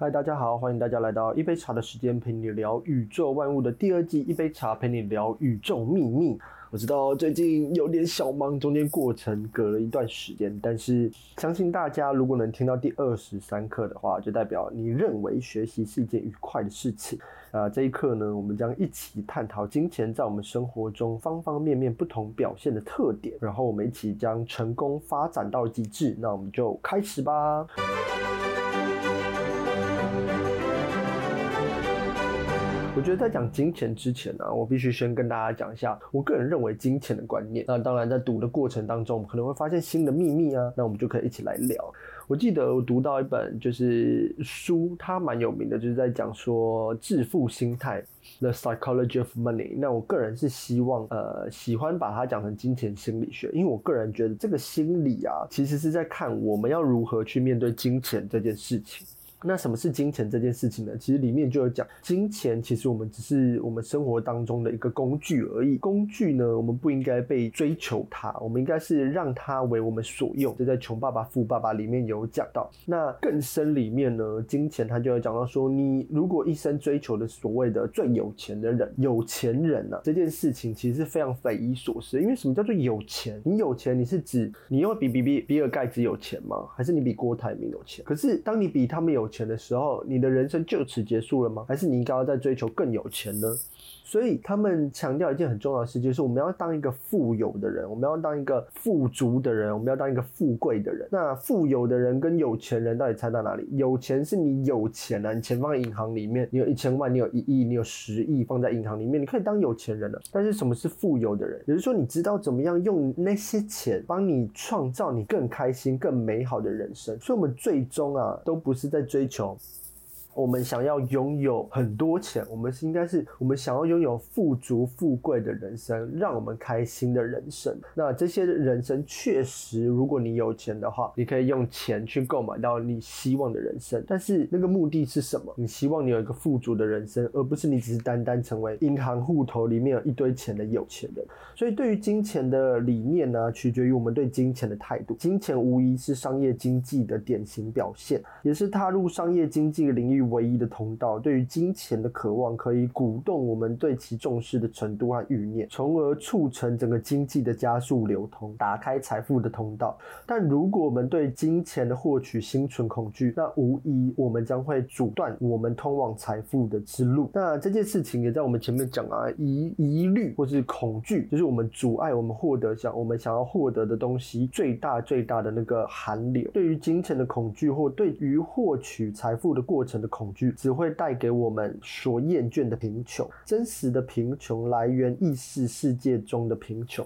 嗨，大家好，歡迎大家來到一杯茶的時間，陪你聊宇宙萬物的第二季。一杯茶陪你聊宇宙秘密。我知道最近有點小忙，中間過程隔了一段時間，但是相信大家如果能聽到第二十三課的話，就代表你認為學習是一件愉快的事情啊、呃。這一課呢，我們將一起探討金錢在我們生活中方方面面不同表現的特點，然後我們一起將成功發展到極致。那我們就開始吧。我覺得在講金錢之前呢、啊，我必須先跟大家講一下我個人認為金錢的觀念。那當然，在讀的過程當中，我們可能會發現新的秘密啊，那我們就可以一起來聊。我記得我讀到一本就是書，它蠻有名的，就是在講說緻富心態，The Psychology of Money。那我個人是希望呃喜歡把它講成金錢心理學，因為我個人覺得這個心理啊，其實是在看我們要如何去面對金錢這件事情。那什麼是金錢這件事情呢？其實裡面就有講，金錢其實我們只是我們生活當中的一個工具而已。工具呢，我們不應該被追求它，我們應該是讓它為我們所用。這在《窮爸爸富爸爸》裡面有講到。那更深裡面呢，金錢它就有講到說，你如果一生追求的所謂的最有錢的人、有錢人啊，這件事情其實是非常匪夷所思。因為什麼叫做有錢？你有錢，你是指你又比比比比爾蓋茨有錢嗎？還是你比郭台銘有錢？可是當你比他們有錢的時候，你的人生就此結束了嗎？還是你應該要再追求更有錢呢？所以他們強調一件很重要的事，就是我們要當一個富有的人，我們要當一個富足的人，我們要當一個富貴的人。那富有的人跟有錢人到底差在哪裡？有錢是你有錢了啊，你錢放在銀行裡面，你有一千萬，你有一億，你有十億放在銀行裡面，你可以當有錢人了。但是什麼是富有的人？也就是說，你知道怎麼樣用那些錢，幫你創造你更開心、更美好的人生。所以，我們最終啊，都不是在追求。我們想要擁有很多錢，我們是應該是我們想要擁有富足、富貴的人生，讓我們開心的人生。那這些人生確實，如果你有錢的話，你可以用錢去購買到你希望的人生。但是那個目的是什麼？你希望你有一個富足的人生，而不是你只是單單成為銀行戶頭裡面有一堆錢的有錢人。所以，對於金錢的理念呢，取決於我們對金錢的態度。金錢無疑是商業經濟的典型表現，也是踏入商業經濟的領域。唯一的通道。對於金錢的渴望可以鼓動我們對其重視的程度和欲念，從而促成整個經濟的加速流通，打開財富的通道。但如果我們對金錢的獲取心存恐懼，那無疑我們將會阻斷我們通往財富的之路。那這件事情也在我們前面講啊，疑疑慮或是恐懼，就是我們阻礙我們獲得想我們想要獲得的東西最大最大的那個寒流。對於金錢的恐懼或對於獲取財富的過程的。恐懼只會帶給我們所厭倦的貧窮。真實的貧窮來源意識世界中的貧窮。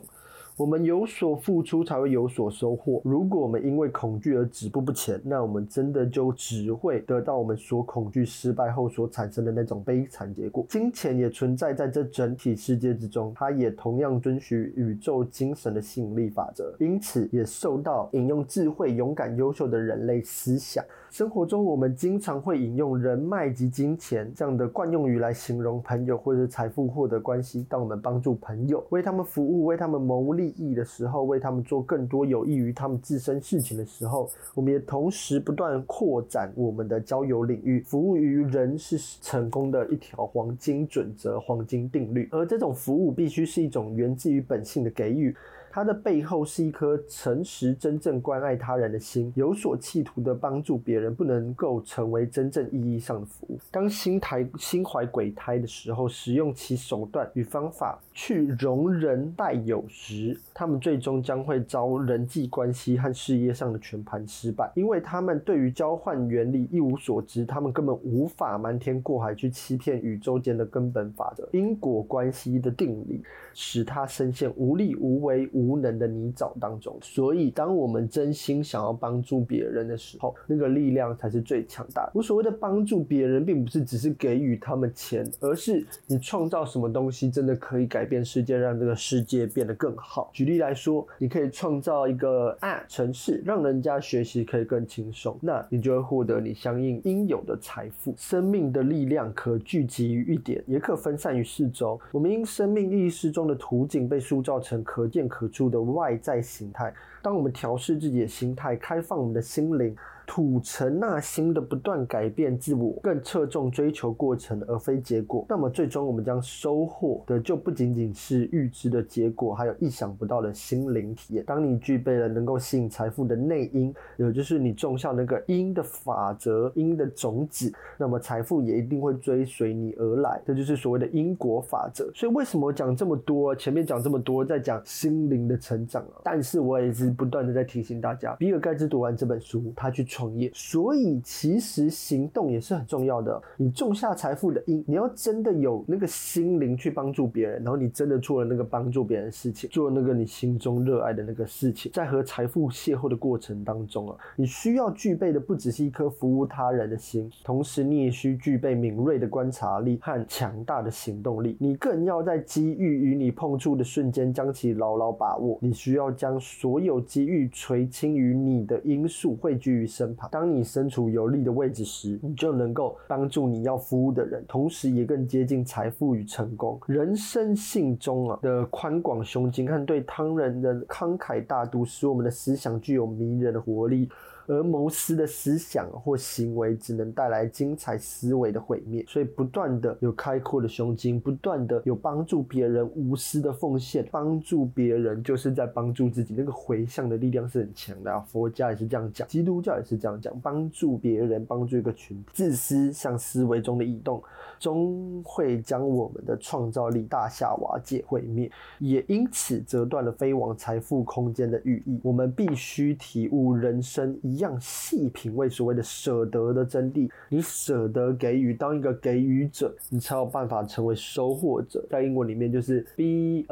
我們有所付出才會有所收穫。如果我們因為恐懼而止步不前，那我們真的就只會得到我們所恐懼失敗後所產生的那種悲慘結果。金錢也存在在這整體世界之中，它也同樣遵循宇宙精神的吸引力法則，因此也受到引用智慧、勇敢、優秀的人類思想。生活中，我們經常會引用“人脈”及“金錢”這樣的慣用語來形容朋友或者財富獲得關係。當我們幫助朋友、為他們服務、為他們謀利益的時候，為他們做更多有益於他們自身事情的時候，我們也同時不斷擴展我們的交友領域。服務於人是成功的一條黃金準則、黃金定律，而這種服務必須是一種源自於本性的給予。他的背後是一顆誠實、真正關愛他人的心。有所企圖的幫助別人，不能夠成為真正意義上的服務。當心台心懷鬼胎的時候，使用其手段與方法去容人待友時，他們最終將會遭人際關係和事業上的全盤失敗，因為他們對於交換原理一無所知，他們根本無法瞞天過海去欺騙宇宙間的根本法則——因果關係的定理，使他深陷無力、無為、無。無能的泥沼當中，所以當我們真心想要幫助別人的時候，那個力量才是最強大的。我所謂的幫助別人，並不是只是給予他們錢，而是你創造什麼東西，真的可以改變世界，讓這個世界變得更好。舉例來說，你可以創造一個 App 程式，讓人家學習可以更輕鬆，那你就會獲得你相應應有的財富。生命的力量可聚集於一點，也可分散於四周。我們因生命意識中的圖景被塑造成可見可住的外在形態。當我們調試自己的心態，開放我們的心靈。土成納心的不斷改變自我，更側重追求過程而非結果。那麼最終我們將收穫的就不僅僅是預知的結果，還有意想不到的心靈體驗。當你具備了能夠吸引財富的內因，也就是你種下那個因的法則、因的種子，那麼財富也一定會追隨你而來。這就是所謂的因果法則。所以為什麼我講這麼多？前面講這麼多，在講心靈的成長啊，但是我也是不斷的在提醒大家，比爾蓋茨讀完這本書，他去。創業，所以其實行動也是很重要的。你種下財富的因，你要真的有那個心靈去幫助別人，然後你真的做了那個幫助別人的事情，做那個你心中熱愛的那個事情。在和財富邂逅的過程當中啊，你需要具備的不只是一顆服務他人的心，同時你也需具備敏銳的觀察力和強大的行動力。你更要在機遇與你碰觸的瞬間將其牢牢把握。你需要將所有機遇垂青於你的因素匯聚於身。當你身處有利的位置時，你就能夠幫助你要服務的人，同時也更接近財富與成功。人生性中啊的寬廣胸襟和對他人的慷慨大度，使我們的思想具有迷人的活力。而謀私的思想或行為，只能帶來精彩思維的毀滅。所以，不斷的有開闊的胸襟，不斷的有幫助別人、無私的奉獻，幫助別人就是在幫助自己。那個回向的力量是很強的啊。佛家也是這樣講，基督教也是這樣講。幫助別人，幫助一個群體，自私像思維中的異動，終會將我們的創造力大廈瓦解毀滅，也因此折斷了飛往財富空間的羽翼，我們必須體悟人生一。樣細品味所謂的捨得的真諦，你捨得給予，當一個給予者，你才有辦法成為收穫者。在英文裡面就是 be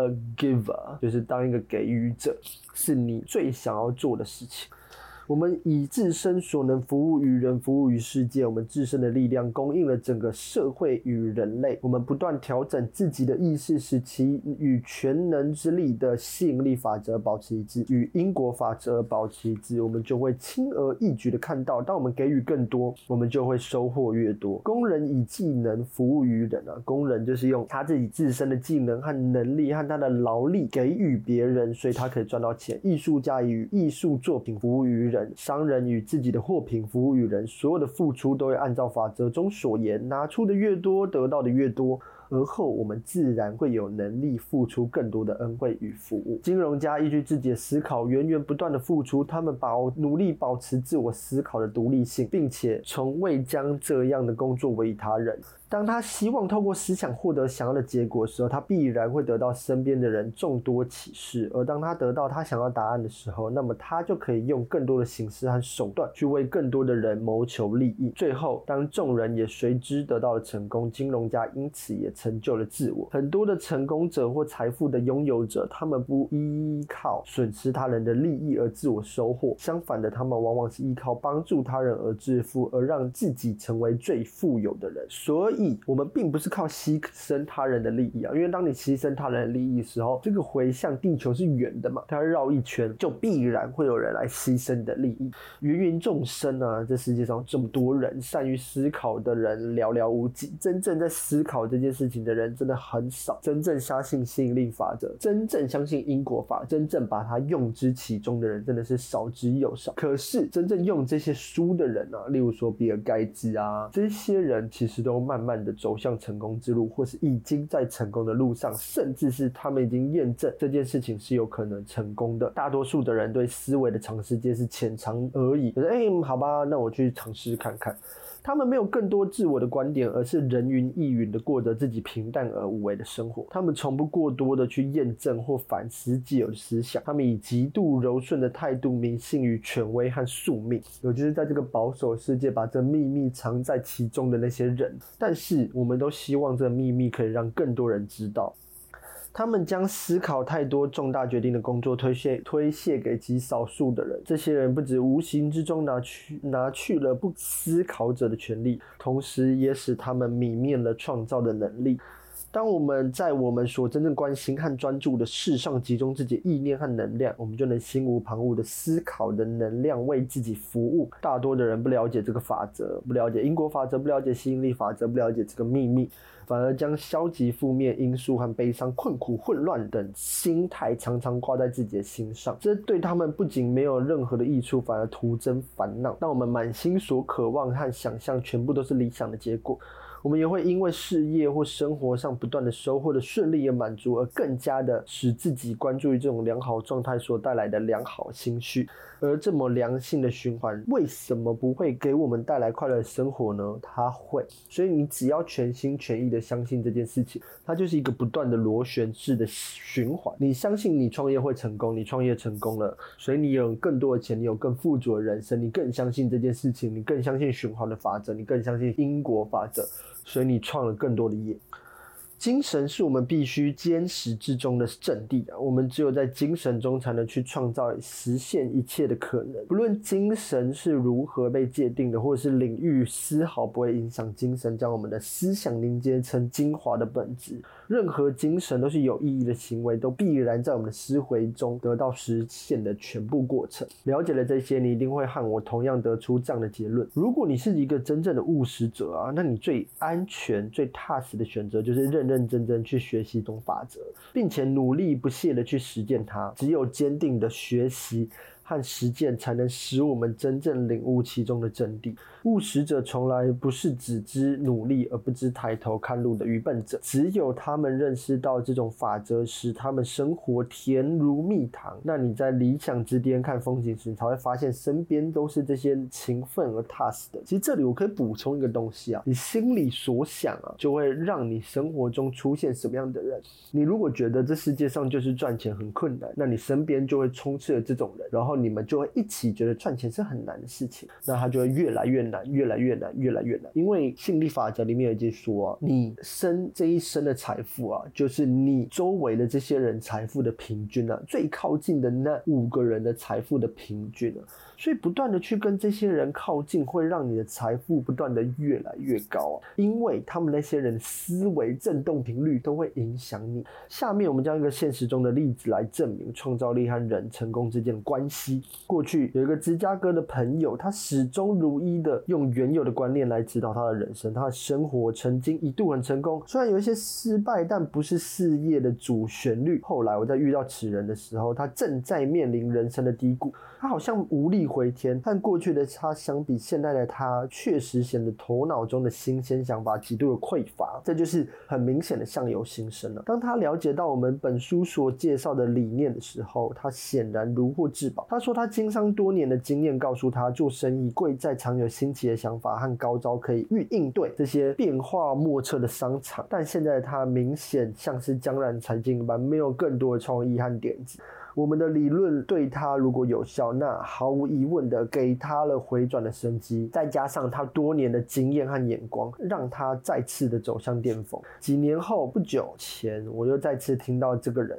a giver，就是當一個給予者，是你最想要做的事情。我們以自身所能服務於人，服務於世界，我們自身的力量供應了整個社會與人類。我們不斷調整自己的意識，使其與全能之力的吸引力法則保持一致，與因果法則保持一致，我們就會輕而易舉的看到，當我們給予更多，我們就會收穫越多。工人以技能服務於人啊，工人就是用他自己自身的技能和能力和他的勞力給予別人，所以他可以賺到錢。藝術家與藝術作品服務於人。商人與自己的貨品服務於人，所有的付出都會按照法則中所言，拿出的越多，得到的越多。而後我們自然會有能力付出更多的恩惠與服務。金融家依據自己的思考，源源不斷的付出，他們保努力保持自我思考的獨立性，並且從未將這樣的工作委以他人。當他希望透過思想獲得想要的結果的時候，他必然會得到身邊的人眾多啟示。而當他得到他想要答案的時候，那麼他就可以用更多的形式和手段去為更多的人謀求利益。最後，當眾人也隨之得到了成功，金融家因此也成就了自我。很多的成功者或財富的擁有者，他們不依靠損失他人的利益而自我收穫，相反的，他們往往是依靠幫助他人而致富，而讓自己成為最富有的人。所以。我們並不是靠犧牲他人的利益啊，因為當你犧牲他人的利益時候，這個回向地球是圓的嘛，它繞一圈就必然會有人來犧牲你的利益。芸芸眾生啊，這世界上這麼多人，善於思考的人寥寥無幾，真正在思考這件事情的人真的很少。真正相信吸引力法則，真正相信因果法，真正把它用之其中的人真的是少之又少。可是真正用這些書的人啊，例如說比爾蓋茨啊，這些人其實都慢慢的走向成功之路，或是已經在成功的路上，甚至是他們已經驗證這件事情是有可能成功的。大多數的人對思維的嘗試皆是淺嘗而已。哎、欸，好吧，那我去嘗試看看。他們沒有更多自我的觀點，而是人云亦云地過着自己平淡而無為的生活。他們從不過多地去驗證或反思自己的思想。他們以極度柔順的態度迷信於權威和宿命。尤其是在這個保守世界，把這秘密藏在其中的那些人。但是，我們都希望這秘密可以讓更多人知道。他們將思考太多重大決定的工作推卸推卸給極少數的人，這些人不止無形之中拿去拿去了不思考者的權利，同時也使他們泯滅了創造的能力。當我們在我們所真正關心和專注的事上集中自己意念和能量，我們就能心無旁騖的思考的能量為自己服務。大多的人不了解這個法則，不了解因果法則，不了解吸引力法則，不了解這個秘密。反而將消極負面因素和悲傷、困苦、混亂等心態常常掛在自己的心上，這對他們不僅沒有任何的益處，反而徒增煩惱。當我們滿心所渴望和想象全部都是理想的結果，我們也會因為事業或生活上不斷的收穫的順利而滿足，而更加的使自己關注於這種良好狀態所帶來的良好情緒。而這麼良性的循環，為什麼不會給我們帶來快樂的生活呢？它會，所以你只要全心全意的相信這件事情，它就是一個不斷的螺旋式的循環。你相信你創業會成功，你創業成功了，所以你有更多的錢，你有更富足的人生，你更相信這件事情，你更相信循環的法則，你更相信因果法則，所以你創了更多的業。精神是我們必須堅持之中的陣地。我們只有在精神中才能去創造實現一切的可能。不論精神是如何被界定的，或者是領域，絲毫不會影響精神將我們的思想凝結成精華的本質。任何精神都是有意義的行為，都必然在我們的思維中得到實現的全部過程。了解了這些，你一定會和我同樣得出這樣的結論。如果你是一個真正的務實者啊，那你最安全、最踏實的選擇就是認認真真去學習這種法則，並且努力不懈的去實踐它。只有堅定的學習和實踐，才能使我們真正領悟其中的真諦。務實者從來不是只知努力而不知抬頭看路的愚笨者，只有他們認識到這種法則使他們生活甜如蜜糖。那你在理想之巔看風景時，你才會發現身邊都是這些勤奮而踏實的。其實這裡我可以補充一個東西啊，你心裡所想啊，就會讓你生活中出現什麼樣的人。你如果覺得這世界上就是賺錢很困難，那你身邊就會充斥着這種人，然後你們就會一起覺得賺錢是很難的事情，那他就會越來越難，越來越難，越來越難。因為吸引力法則裡面已經說，啊，你生這一生的財富啊，就是你周圍的這些人財富的平均啊，最靠近的那五個人的財富的平均啊。所以不斷的去跟這些人靠近，會讓你的財富不斷的越來越高啊，因為他們那些人思維振動頻率都會影響你。下面我們將一個現實中的例子來證明創造力和人成功之間的關係。過去有一個芝加哥的朋友，他始終如一的用原有的觀念來指導他的人生，他的生活曾經一度很成功，雖然有一些失敗，但不是事業的主旋律。後來我在遇到此人的時候，他正在面臨人生的低谷，他好像無力。回天和過去的他相比，現在的他確實顯得頭腦中的新鮮想法極度的匱乏，這就是很明顯的相由心生了啊。當他了解到我們本書所介紹的理念的時候，他顯然如獲至寶。他說，他經商多年的經驗告訴他，做生意貴在常有新奇的想法和高招可以預應對這些變化莫測的商場。但現在的他明顯像是江郎才盡般，沒有更多的創意和點子。我們的理論對他如果有效，那毫無疑問的給他了回轉的生機，再加上他多年的經驗和眼光，讓他再次的走向巔峰。幾年後，不久前，我又再次聽到這個人。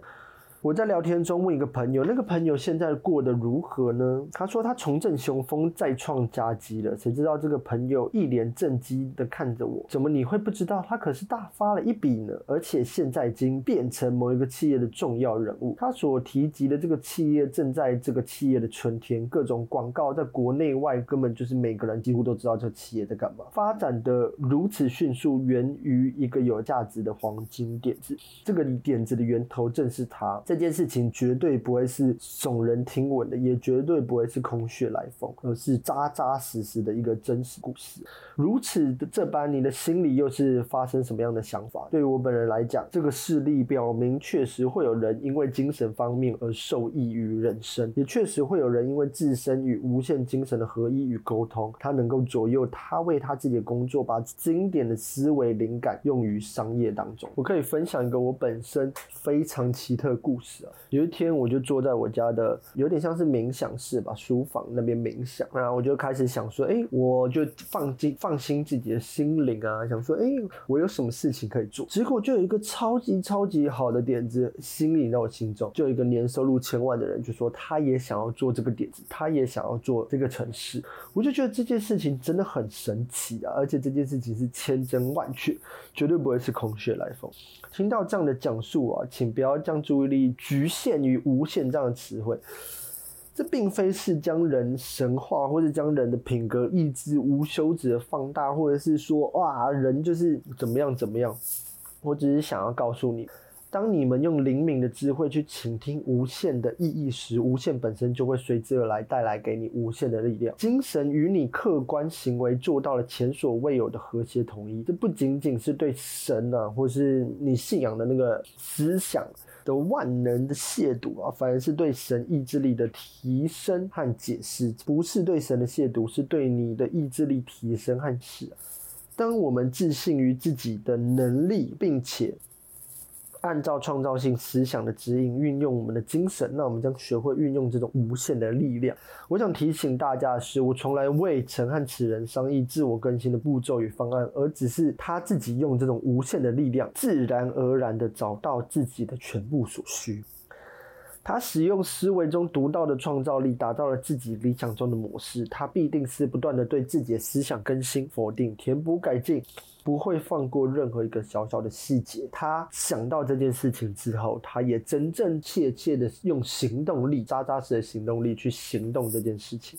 我在聊天中問一個朋友，那個朋友現在過得如何呢？他說他重振雄風，再創佳績了。誰知道這個朋友一臉震驚地看着我，怎麼你會不知道？他可是大發了一筆呢！而且現在已經變成某一個企業的重要人物。他所提及的這個企業正在這個企業的春天，各種廣告在國內外根本就是每個人幾乎都知道這個企業在幹嘛，發展得如此迅速，源於一個有價值的黃金點子。這個點子的源頭正是他。這件事情絕對不會是聳人聽聞的，也絕對不會是空穴來風，而是扎扎實實的一個真實故事。如此的這般，你的心裡又是發生什麼樣的想法？對於我本人來講，這個事例表明確實會有人因為精神方面而受益於人生，也確實會有人因為自身與無限精神的合一與溝通，他能夠左右他為他自己的工作，把經典的思維靈感用於商業當中。我可以分享一個我本身非常奇特的故事。是啊，有一天我就坐在我家的有點像是冥想室吧，書房那邊冥想，然後我就開始想說，哎、欸，我就放進放心自己的心靈啊，想說，哎、欸，我有什麼事情可以做？結果就有一個超級超級好的點子，吸引到我心中，就有一個年收入千萬的人就說，他也想要做這個點子，他也想要做這個城市，我就覺得這件事情真的很神奇啊，而且這件事情是千真萬確，絕對不會是空穴來風。聽到這樣的講述啊，請不要將注意力。局限於無限這樣的詞彙，這並非是將人神化，或者將人的品格一直無休止的放大，或者是說，哇，人就是怎麼樣怎麼樣。我只是想要告訴你。當你們用靈敏的智慧去傾聽無限的意義時，無限本身就會隨之而來，帶來給你無限的力量。精神與你客觀行為做到了前所未有的和諧統一。這不僅僅是對神啊，或是你信仰的那個思想的萬能的褻瀆啊，反而是對神意志力的提升和解釋。不是對神的褻瀆，是對你的意志力提升和解釋。當我們自信於自己的能力，並且。按照創造性思想的指引，運用我們的精神，那我們將學會運用這種無限的力量。我想提醒大家的是，我從來未曾和此人商議自我更新的步驟與方案，而只是他自己用這種無限的力量，自然而然地找到自己的全部所需。他使用思維中獨到的創造力，打造了自己理想中的模式。他必定是不斷的對自己的思想更新、否定、填補、改進，不會放過任何一個小小的細節。他想到這件事情之後，他也真真切切的用行動力、扎扎實的行動力去行動這件事情。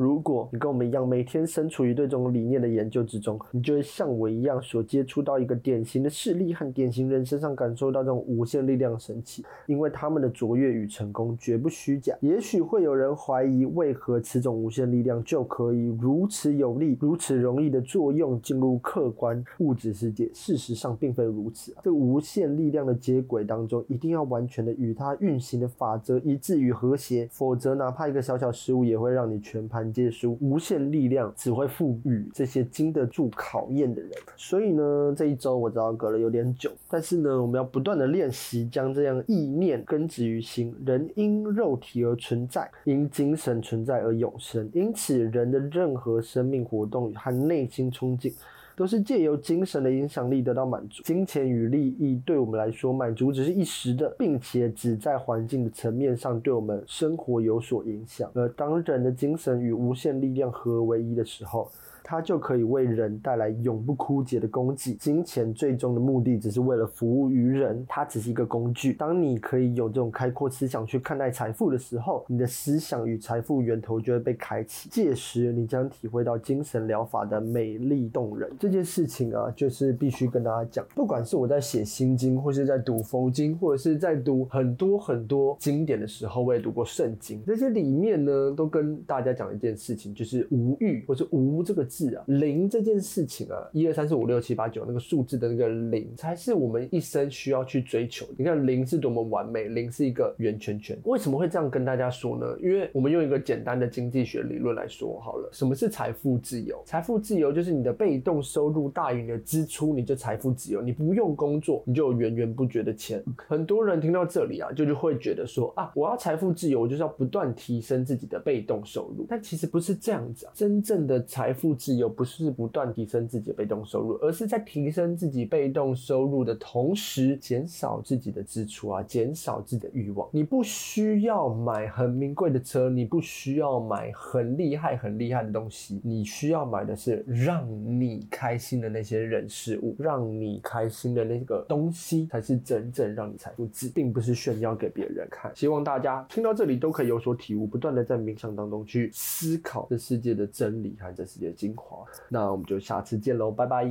如果你跟我們一樣，每天身處於對這種理念的研究之中，你就會像我一樣，所接觸到一個典型的事例和典型人身上，感受到這種無限力量神奇。因為他們的卓越與成功絕不虛假。也許會有人懷疑，為何此種無限力量就可以如此有力、如此容易的作用進入客觀物質世界？事實上，並非如此啊。這無限力量的接軌當中，一定要完全的與它運行的法則一致與和諧，否則，哪怕一個小小失誤，也會讓你全盤。借書，無限力量只會賦予這些經得住考驗的人。所以呢，這一周我知道隔了有點久，但是呢，我們要不斷的練習，將這樣意念根植於心。人因肉體而存在，因精神存在而永生。因此，人的任何生命活動與他內心憧憬。都是借由精神的影響力得到滿足。金錢與利益對我們來說，滿足只是一時的，並且只在環境的層面上對我們生活有所影響。而當人的精神與無限力量合為一的時候，它就可以為人帶來永不枯竭的供給。金錢最終的目的，只是為了服務於人，它只是一個工具。當你可以有這種開闊思想去看待財富的時候，你的思想與財富源頭就會被開啟。屆時，你將體會到精神療法的美麗動人。這件事情啊，就是必須跟大家講。不管是我在寫《心經》，或是在讀《佛經》，或者是在讀很多很多經典的時候，我也讀過《聖經》。這些裡面呢，都跟大家講一件事情，就是無欲，或是無這個。是啊，零這件事情啊，一二三四五六七八九那個數字的那個零才是我們一生需要去追求的。你看零是多麼完美，零是一個圓圈圈。為什麼會這樣跟大家說呢？因為我們用一個簡單的經濟學理論來說好了。什麼是財富自由？財富自由就是你的被動收入大於你的支出，你就財富自由。你不用工作，你就有源源不絕的錢。Okay. 很多人聽到這裡啊，就就會覺得說啊，我要財富自由，我就是要不斷提升自己的被動收入。但其實不是這樣子，啊，真正的財富。自由不是不斷提升自己的被動收入，而是在提升自己被動收入的同時，減少自己的支出啊，減少自己的欲望。你不需要買很名貴的車，你不需要買很厲害很厲害的東西，你需要買的是讓你開心的那些人事物，讓你開心的那個東西才是真正讓你財富自由，並不是炫耀給別人看。希望大家聽到這裡都可以有所體悟，不斷的在冥想當中去思考這世界的真理和這世界的經歷。那我們就下次見嘍，拜拜。